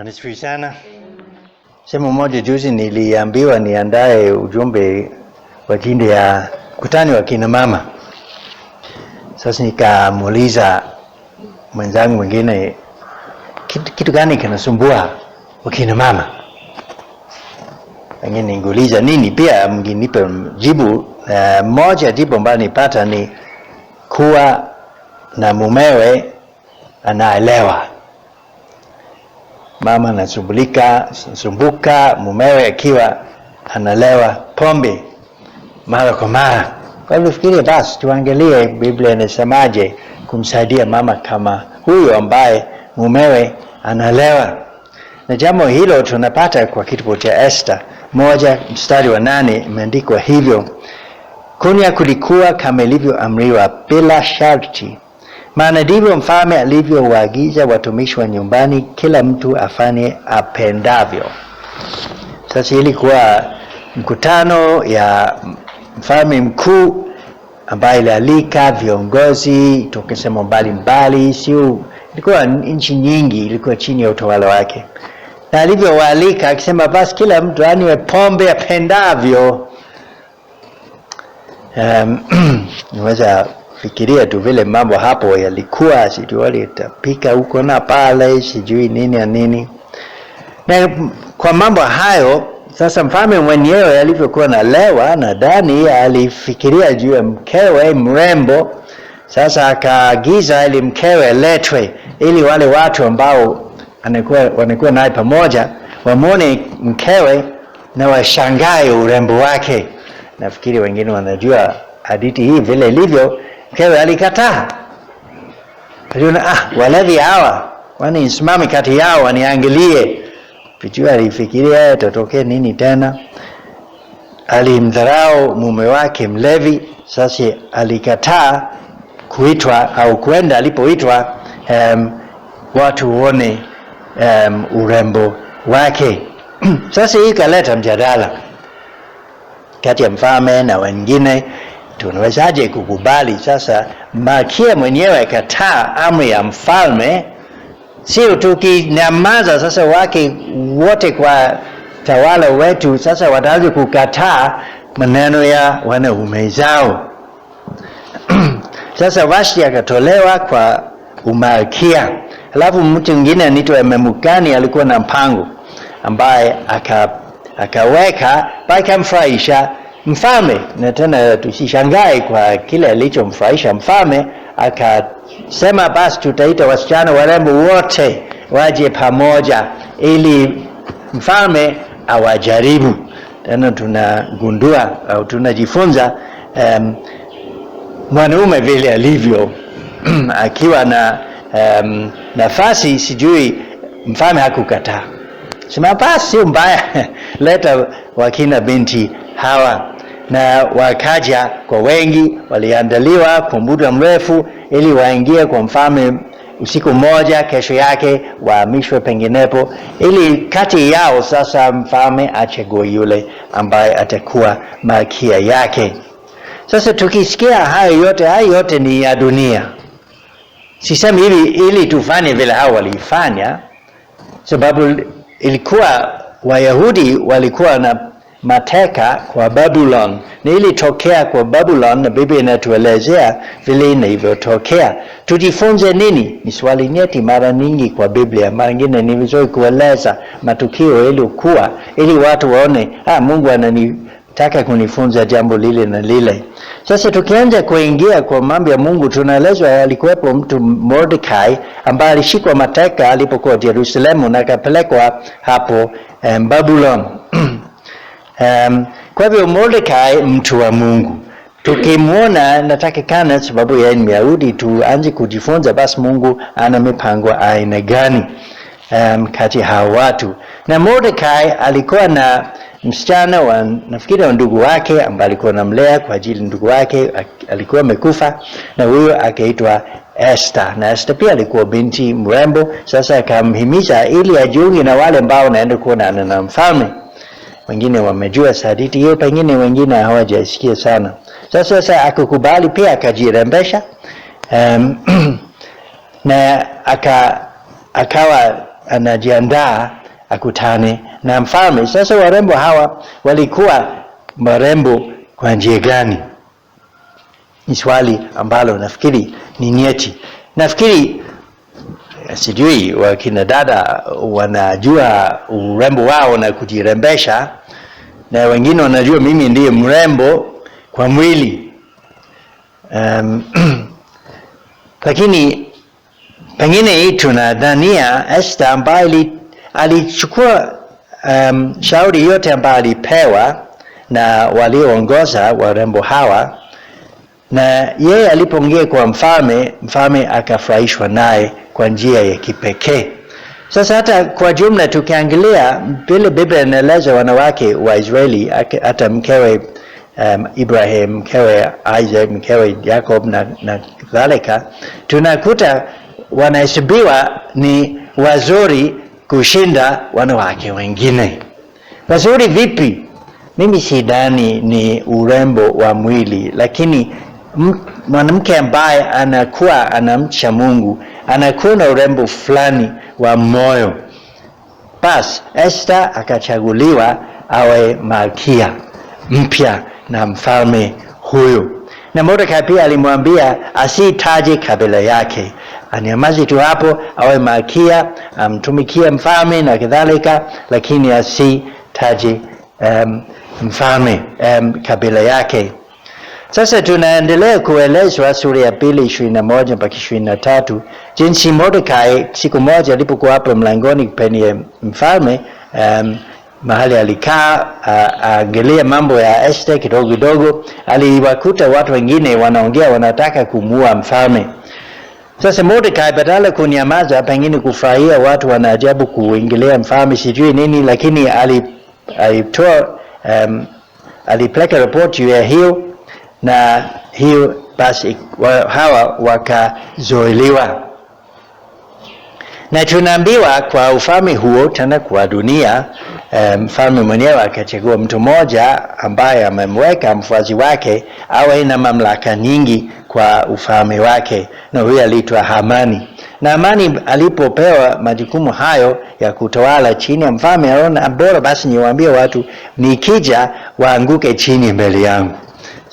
Anisifiwe sana. Sehemu moja juzi niliambiwa niandae ujumbe kwa ajili ya mkutano wa kina mama. Sasa nikamuuliza mwenzangu mwingine kitu, kitu gani kinasumbua wakina mama? Wengine ninguliza nini pia mginipe jibu. Uh, moja jibu ambayo nipata ni kuwa na mumewe anaelewa mama anasumbulika sumbuka, mumewe akiwa analewa pombe mara kwa mara. Kwa hivyo fikiri basi, tuangalie Biblia inasemaje kumsaidia mama kama huyo ambaye mumewe analewa. Na jambo hilo tunapata kwa kitabu cha Esta moja mstari wa nane imeandikwa hivyo, kunywa kulikuwa kama ilivyoamriwa bila sharti maana ndivyo mfalme alivyowaagiza watumishi wa nyumbani, kila mtu afanye apendavyo. Sasa ilikuwa mkutano ya mfalme mkuu ambaye ilialika viongozi toke sehemu mbalimbali, sio ilikuwa nchi nyingi, ilikuwa chini ya utawala wake, na alivyowaalika akisema, basi kila mtu anywe pombe apendavyo. Um, Fikiria tu vile mambo hapo yalikuwa, sijui walitapika huko na pale, sijui nini ya nini. Na kwa mambo hayo sasa, mfalme mwenyewe alivyokuwa na lewa, nadhani alifikiria juu ya mkewe mrembo. Sasa akaagiza ili mkewe letwe, ili wale watu ambao wanakuwa naye pamoja wamwone mkewe na washangae urembo wake. Nafikiri wengine wanajua hadithi hii vile ilivyo mkewe alikataa. Aliona ah, walevi hawa kwani nisimame kati yao waniangalie? Pichua alifikiria eh, tatokee nini tena. Alimdharau mume wake mlevi, sasa alikataa kuitwa au kwenda alipoitwa, um, watu uone um, urembo wake. Sasa hii ikaleta mjadala kati ya mfalme na wengine tunawezaje kukubali sasa Malkia mwenyewe akataa amri ya mfalme? Sio tukinyamaza sasa, wake wote kwa tawala wetu sasa wataanza kukataa maneno ya wanaume zao. Sasa Vashti akatolewa kwa umalkia. Alafu mtu mwingine anaitwa Memukani alikuwa na mpango ambaye akaweka aka, akaweka akamfurahisha Mfalme na tena tusishangae kwa kile alichomfurahisha mfalme. Akasema, basi tutaita wasichana warembo wote waje pamoja, ili mfalme awajaribu. Tena tunagundua au tunajifunza um, mwanaume vile alivyo akiwa na um, nafasi, sijui mfalme hakukataa, sema basi, sio mbaya leta wakina binti hawa na wakaja kwa wengi, waliandaliwa kwa muda mrefu ili waingie kwa mfalme usiku mmoja, kesho yake wahamishwe penginepo, ili kati yao sasa mfalme achague yule ambaye atakuwa malkia yake. Sasa tukisikia hayo yote, hayo yote ni ya dunia. Sisemi hivi ili tufanye vile hao walifanya, sababu ilikuwa Wayahudi walikuwa na mateka kwa Babylon. Nilitokea kwa Babylon na Biblia inatuelezea vile inavyotokea. Tujifunze nini? Ni swali nyeti mara nyingi kwa Biblia. Mara nyingine ni vizuri kueleza matukio yaliyokuwa ili watu waone, ah, Mungu ananitaka kunifunza jambo lile na lile. Sasa tukianza kuingia kwa mambo ya Mungu, tunaelezwa alikuwepo mtu Mordekai ambaye alishikwa mateka alipokuwa Yerusalemu na akapelekwa hapo eh, Babylon Um, kwa hivyo Mordekai mtu wa Mungu tukimwona natakikana, sababu yeye ni Myahudi, tuanze kujifunza basi Mungu ana mipango aina gani um, kati hao watu. Na Mordekai alikuwa na msichana wa nafikiri wa ndugu wake ambaye alikuwa namlea kwa ajili ndugu wake alikuwa amekufa, na huyo akaitwa Esther. Na Esther pia alikuwa binti mrembo. Sasa akamhimiza ili ajiunge na wale ambao naenda kuonana na mfalme wengine wamejua saditi hiyo, pengine wengine hawajasikia sana. Sasa sasa akakubali pia akajirembesha, um, na aka, akawa anajiandaa akutane na mfalme. Sasa warembo hawa walikuwa warembo kwa njia gani? Ni swali ambalo nafikiri ni nyeti. Nafikiri Eh, sijui wakina dada wanajua urembo wao na kujirembesha, na wengine wanajua mimi ndiye mrembo kwa mwili um, lakini pengine tunadhania Esther ambaye alichukua um, shauri yote ambayo alipewa na walioongoza warembo hawa na yeye alipoongea kwa mfalme, mfalme akafurahishwa naye kwa njia ya kipekee. Sasa hata kwa jumla tukiangalia vile Biblia inaeleza wanawake wa Israeli, hata mkewe um, Ibrahim, mkewe Isaac, mkewe Jacob na, na kadhalika, tunakuta wanahesabiwa ni wazuri kushinda wanawake wengine. Wazuri vipi? Mimi sidhani ni urembo wa mwili, lakini mwanamke ambaye anakuwa anamcha Mungu anakuwa na urembo fulani wa moyo. bas Esther akachaguliwa awe malkia mpya na mfalme huyo na Mordekai pia alimwambia asitaje kabila yake, anyamazi tu hapo, awe malkia, amtumikie mfalme na kadhalika, lakini asitaje um, mfalme um, kabila yake. Sasa tunaendelea kuelezwa sura ya pili ishirini na moja mpaka ishirini na tatu jinsi Mordekai siku moja alipokuwa hapa mlangoni penye mfalme um, mahali alikaa aangalia mambo ya Esta kidogo kidogo, aliwakuta watu wengine wanaongea, wanataka kumuua mfalme. Sasa Mordekai badala kunyamaza, pengine kufurahia watu wanajaribu kuingilia mfalme, sijui nini, lakini alitoa um, alipeleka ripoti ya hiyo na hiyo basi wa, hawa wakazoelewa, na tunaambiwa kwa ufalme huo tena kwa dunia eh, mfalme um, mwenyewe akachagua mtu mmoja ambaye amemweka mfuazi wake awe na mamlaka nyingi kwa ufalme wake, na huyo aliitwa Hamani. Na Hamani alipopewa majukumu hayo ya kutawala chini ya mfalme, aona bora basi niwaambie watu nikija waanguke chini mbele yangu.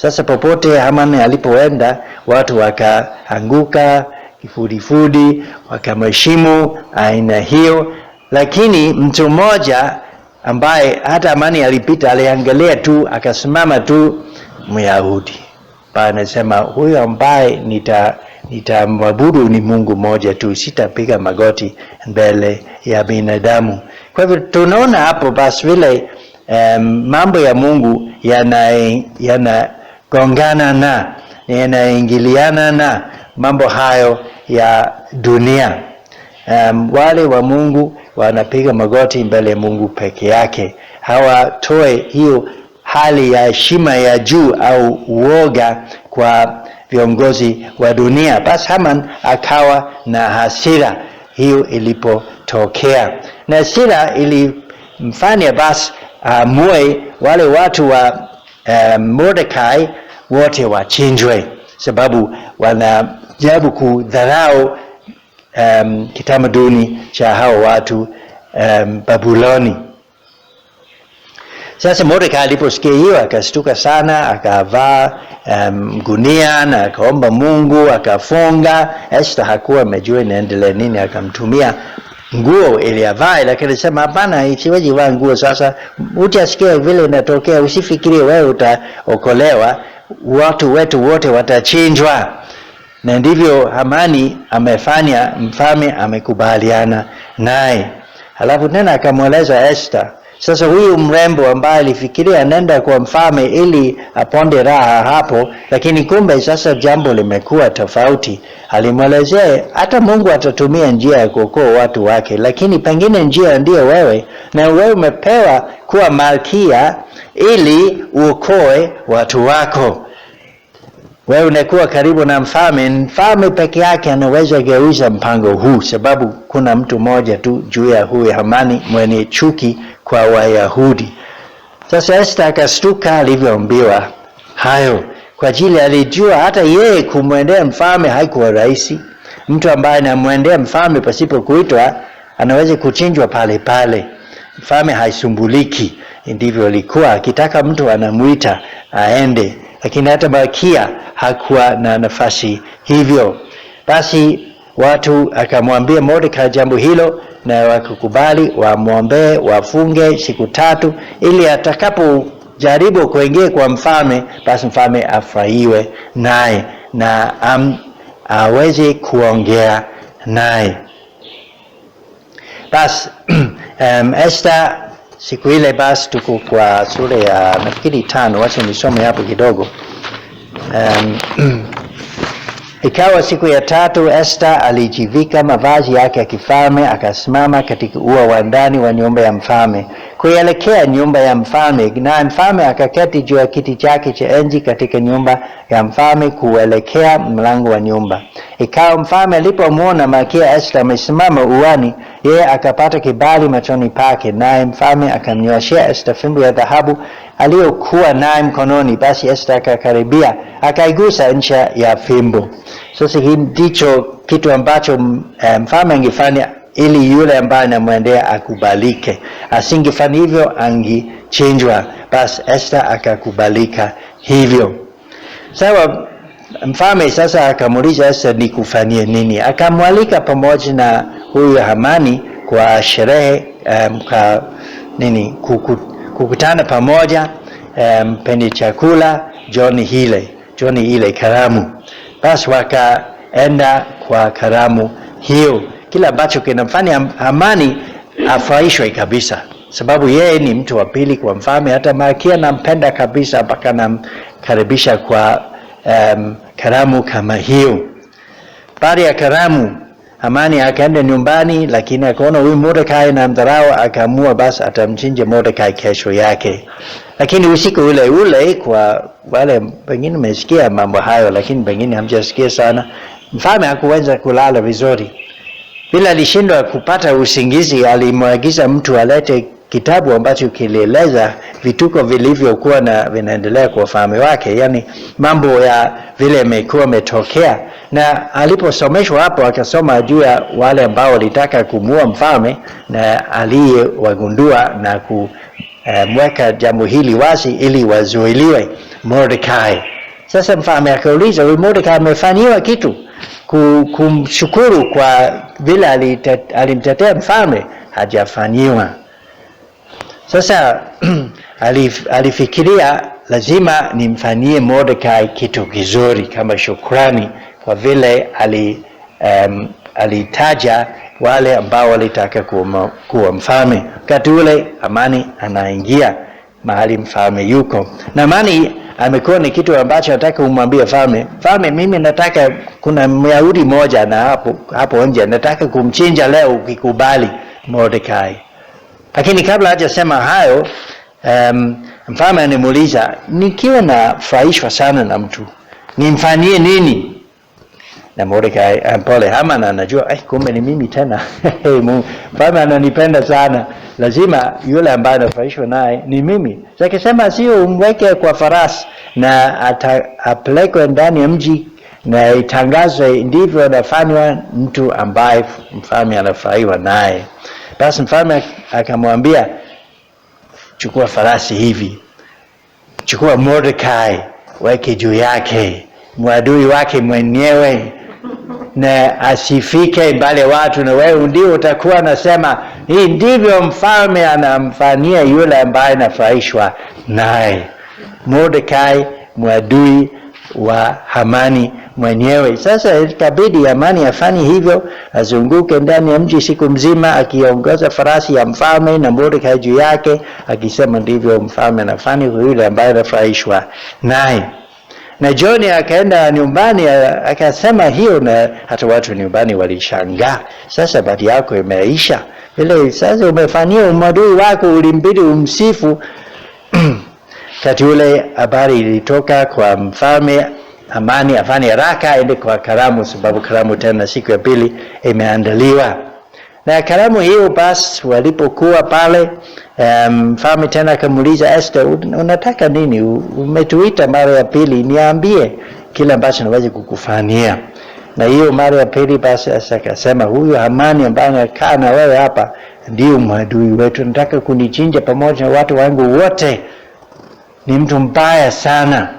Sasa popote Haman alipoenda, watu wakaanguka kifudifudi, wakamheshimu aina hiyo. Lakini mtu mmoja ambaye hata Hamani alipita, aliangalia tu, akasimama tu, Myahudi pa anasema, huyo ambaye nita nitamwabudu ni Mungu mmoja tu, sitapiga magoti mbele ya binadamu. Kwa hivyo tunaona hapo basi vile um, mambo ya Mungu yana yana gongana na, yanaingiliana na mambo hayo ya dunia. Um, wale wa Mungu wanapiga magoti mbele ya Mungu peke yake, hawatoe hiyo hali ya heshima ya juu au uoga kwa viongozi wa dunia. Basi Haman akawa na hasira hiyo ilipotokea, na hasira ilimfanya basi amue uh, wale watu wa uh, eh, Mordekai wote wachinjwe, sababu wanajaribu kudharau um, kitamaduni cha hao watu um, Babuloni. Sasa Mordekai aliposikia hiyo akastuka sana, akavaa um, gunia na akaomba Mungu, akafunga. Esta hakuwa amejua inaendelea nini, akamtumia nguo iliyavaa, lakini sema hapana, isiwezi vaa nguo sasa. Utasikia vile inatokea, usifikirie wewe utaokolewa, watu wetu wote watachinjwa. Na ndivyo Hamani amefanya, mfalme amekubaliana naye. Halafu tena akamweleza Esther sasa huyu mrembo ambaye alifikiria anaenda kwa mfalme ili aponde raha hapo, lakini kumbe sasa jambo limekuwa tofauti. Alimwelezea hata Mungu atatumia njia ya kuokoa watu wake, lakini pengine njia ndiyo wewe, na wewe umepewa kuwa malkia ili uokoe watu wako wewe unakuwa karibu na mfalme. Mfalme peke yake anaweza geuza mpango huu, sababu kuna mtu mmoja tu juu ya huyu Hamani mwenye chuki kwa Wayahudi. Sasa Esta akastuka alivyoambiwa hayo, kwa ajili alijua hata yeye kumwendea mfalme haikuwa rahisi. Mtu ambaye anamwendea mfalme pasipo kuitwa anaweza kuchinjwa pale pale. Mfalme haisumbuliki, ndivyo alikuwa akitaka mtu anamwita aende lakini hata Malkia hakuwa na nafasi hivyo. Basi watu akamwambia Mordekai jambo hilo, na wakakubali wamwombee, wafunge siku tatu, ili atakapojaribu kuingia kwa mfalme, basi mfalme afurahiwe naye na am, aweze kuongea naye basi um, Esther Siku ile basi tuko kwa sura ya nafikiri tano, wacha nisome hapo kidogo. Um, ikawa siku ya tatu Esta alijivika mavazi yake ya kifalme, akasimama katika ua wa ndani wa nyumba ya mfalme kuelekea nyumba ya mfalme, na mfalme akaketi juu ya kiti chake cha enzi katika nyumba ya mfalme kuelekea mlango wa nyumba. Ikawa mfalme alipomwona Malkia Esta amesimama uani, yeye akapata kibali machoni pake, naye mfalme akamnyoshea Esta fimbo ya dhahabu aliyokuwa naye mkononi. Basi Esta akakaribia, akaigusa ncha ya fimbo. Sasa hii ndicho kitu ambacho eh, mfalme angefanya ili yule ambaye anamwendea akubalike. Asingefanya hivyo, angechinjwa. Basi Esta akakubalika hivyo. Sawa. Mfalme sasa akamuuliza Esta, kufanyie nini? Akamwalika pamoja na huyu Hamani kwa sherehe um, ka, nini kukutana pamoja um, penye chakula jioni hile jioni ile karamu. Basi wakaenda kwa karamu hiyo kila ambacho kinamfanya amani afurahishwe kabisa, sababu yeye ni mtu wa pili kwa mfalme. Hata Malkia nampenda kabisa mpaka namkaribisha kwa um, karamu kama hiyo. Baada ya karamu, amani akaenda nyumbani, lakini akaona huyu Mordekai na mdharau, akaamua basi atamchinja Mordekai kesho yake. Lakini usiku ule ule, kwa wale pengine mmesikia mambo hayo, lakini pengine hamjasikia sana, mfalme hakuweza kulala vizuri ila alishindwa kupata usingizi, alimwagiza mtu alete kitabu ambacho kilieleza vituko vilivyokuwa na vinaendelea kwa ufalme wake, yani mambo ya vile imekuwa umetokea. Na aliposomeshwa hapo, akasoma juu ya wale ambao walitaka kumuua mfalme na aliyewagundua na kumweka eh, jambo hili wazi ili wazuiliwe Mordekai. Sasa mfalme akauliza, huyu Mordekai amefanyiwa kitu kumshukuru kwa vile alimtetea mfalme? Hajafanyiwa. Sasa alif, alifikiria lazima nimfanyie Mordekai kitu kizuri kama shukrani kwa vile ali, um, alitaja wale ambao walitaka kuwa, kuwa mfalme. Wakati ule amani anaingia mahali mfalme yuko na amani amekuwa ni kitu ambacho nataka umwambie falme, falme, mimi nataka, kuna Myahudi moja na hapo hapo nje nataka kumchinja leo, ukikubali Mordekai. Lakini kabla hajasema hayo, um, mfalme anamuuliza, nikiwa nafurahishwa sana na mtu nimfanyie nini? na Mordekai, pole, Haman anajua, eh, kumbe ni mimi tena mfalme ananipenda sana lazima yule ambaye anafurahishwa naye ni mimi. Akisema sio, umweke kwa farasi na apelekwe ndani ya mji na itangazwe, ndivyo anafanywa mtu ambaye mfalme anafurahiwa naye. Basi mfalme akamwambia, chukua farasi hivi, chukua Mordekai, weke juu yake, mwadui wake mwenyewe na asifike mbale watu, na wewe ndio utakuwa nasema, hii ndivyo mfalme anamfanyia yule ambaye anafurahishwa naye. Mordekai mwadui wa Hamani mwenyewe. Sasa ikabidi Hamani afanye hivyo, azunguke ndani ya mji siku mzima akiongoza farasi ya mfalme na Mordekai juu yake, akisema ndivyo mfalme anafanya kwa yule ambaye anafurahishwa naye na John akaenda nyumbani akasema hiyo, na hata watu nyumbani walishangaa. Sasa bahati yako imeisha ile, sasa umefanyia umadui wako, ulimbidi umsifu kati ule. Habari ilitoka kwa mfalme Amani afanye haraka aende kwa karamu, sababu karamu tena siku ya pili imeandaliwa. Na karamu hiyo basi, walipokuwa pale mfalme um, tena akamuuliza Esther, unataka nini? Umetuita mara ya pili, niambie kile ambacho naweza kukufanyia. Na hiyo mara ya pili basi Esther akasema, huyu Hamani ambaye anakaa na wewe hapa ndio mwadui wetu, nataka kunichinja pamoja na watu wangu wote, ni mtu mbaya sana.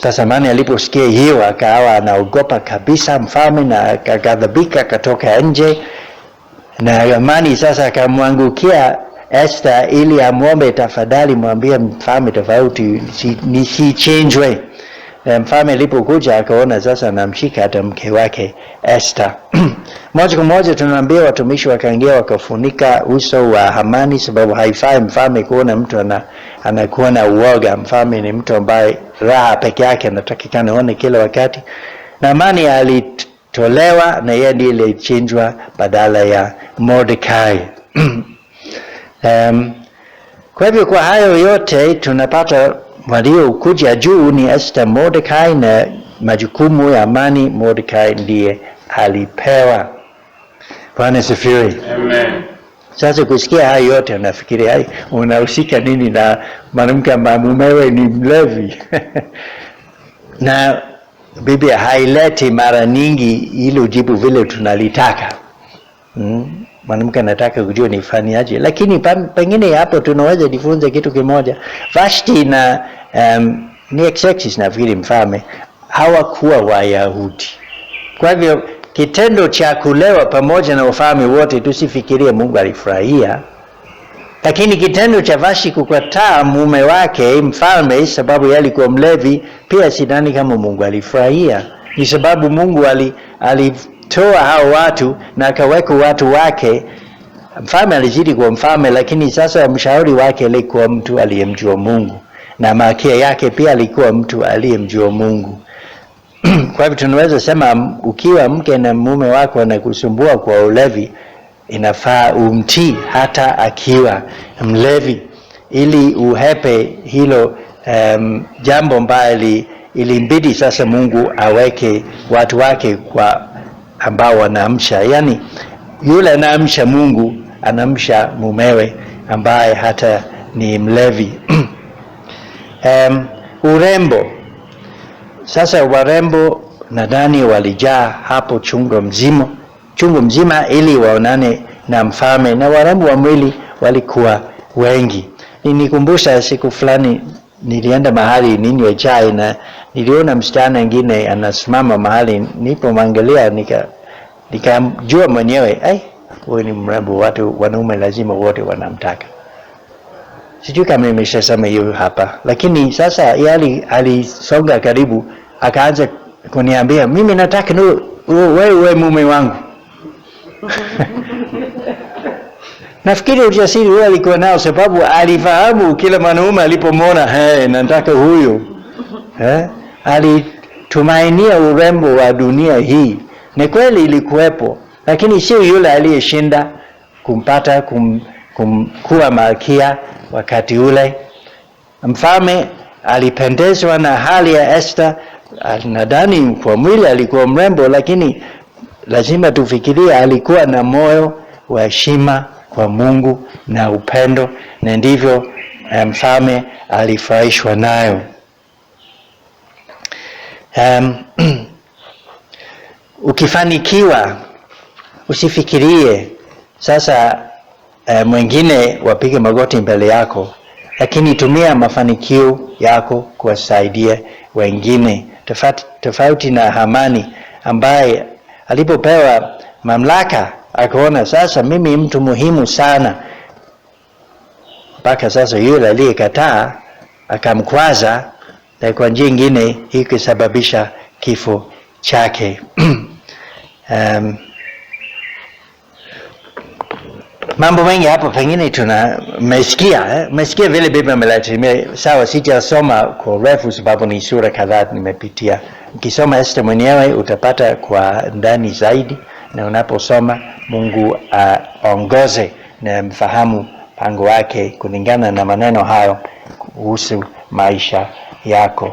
Tasmani aliposikia hiyo akawa anaogopa kabisa mfalme, na akaghadhabika akatoka nje, na mani sasa akamwangukia Esta ili amwombe, tafadhali mwambie mfalme tofauti nisichenjwe mfalme alipokuja akaona sasa anamshika hata mke wake Esther. Moja kwa moja tunaambia watumishi wakaingia wakafunika uso wa Hamani, sababu haifai mfalme kuona mtu ana, anakuwa na uoga. Mfalme ni mtu ambaye raha peke yake anatakikana aone kila wakati, na Hamani alitolewa na yeye ndiye aliyechinjwa badala ya Mordekai. um, kwa hivyo kwa hayo yote tunapata waliokuja juu ni Esta, Mordekai na majukumu ya amani Mordekai ndiye alipewa. Bwana sifiwe. Amen. Sasa kusikia hayo yote unafikiri hai unahusika nini na mwanamke ambaye mumewe ni mlevi? na Biblia haileti mara nyingi hilo jibu vile tunalitaka. Mm mwanamke anataka kujua ni fani aje, lakini pengine hapo tunaweza jifunze kitu kimoja. Vashti na um, ni Xerxes nafikiri mfalme hawakuwa Wayahudi. Kwa hivyo kitendo cha kulewa pamoja na wafalme wote, tusifikirie Mungu alifurahia. Lakini kitendo cha Vashi kukataa mume wake mfalme sababu yeye alikuwa mlevi, pia sidhani kama Mungu alifurahia. Ni sababu Mungu ali, ali alitoa hao watu na akaweka watu wake. Mfalme alizidi kuwa mfalme, lakini sasa mshauri wake alikuwa mtu aliyemjua Mungu na makia yake pia alikuwa mtu aliyemjua Mungu. Kwa hivyo tunaweza sema ukiwa mke na mume wako anakusumbua kwa ulevi, inafaa umtii hata akiwa mlevi, ili uhepe hilo um, jambo mbaya ilimbidi sasa Mungu aweke watu wake kwa ambao wanaamsha, yani yule anaamsha Mungu anaamsha mumewe ambaye hata ni mlevi. Um, urembo sasa, warembo nadhani walijaa hapo chungo mzima, chungo mzima ili waonane na mfalme, na warembo wa mwili walikuwa wengi. ninikumbusha siku fulani nilienda mahali ninywe chai na niliona msichana mwingine anasimama mahali nipo mangalia, nika nikajua mwenyewe ai, huyu ni mrembo, watu wanaume lazima wote wanamtaka. Sijui kama nimeshasema hiyo hapa, lakini sasa yali alisonga karibu, akaanza kuniambia mimi nataka wewe mume wangu. Nafikiri ujasiri huyo alikuwa nao, sababu alifahamu kila mwanaume alipomwona, hey, nataka huyu eh? alitumainia urembo wa dunia hii. Ni kweli ilikuwepo, lakini sio yule aliyeshinda kumpata kum, kum, kuwa malkia wakati ule. Mfalme alipendezwa na hali ya Esther. Nadhani kwa mwili alikuwa mrembo, lakini lazima tufikirie, alikuwa na moyo wa heshima kwa Mungu na upendo, na ndivyo eh, mfalme alifurahishwa nayo. Um, ukifanikiwa usifikirie sasa uh, mwingine wapige magoti mbele yako, lakini tumia mafanikio yako kuwasaidia wengine, tofauti na Hamani ambaye alipopewa mamlaka akaona sasa mimi mtu muhimu sana, mpaka sasa yule aliyekataa akamkwaza na kwa njia ingine hii kisababisha kifo chake. Um, mambo mengi hapo pengine tuna mesikia eh? Mesikia vile Biblia imelatimia sawa. Sijasoma kwa urefu sababu ni sura kadhaa nimepitia. Ukisoma Esta mwenyewe utapata kwa ndani zaidi, na unaposoma Mungu ah, aongoze uh, na mfahamu mpango wake kulingana na maneno hayo kuhusu maisha yako.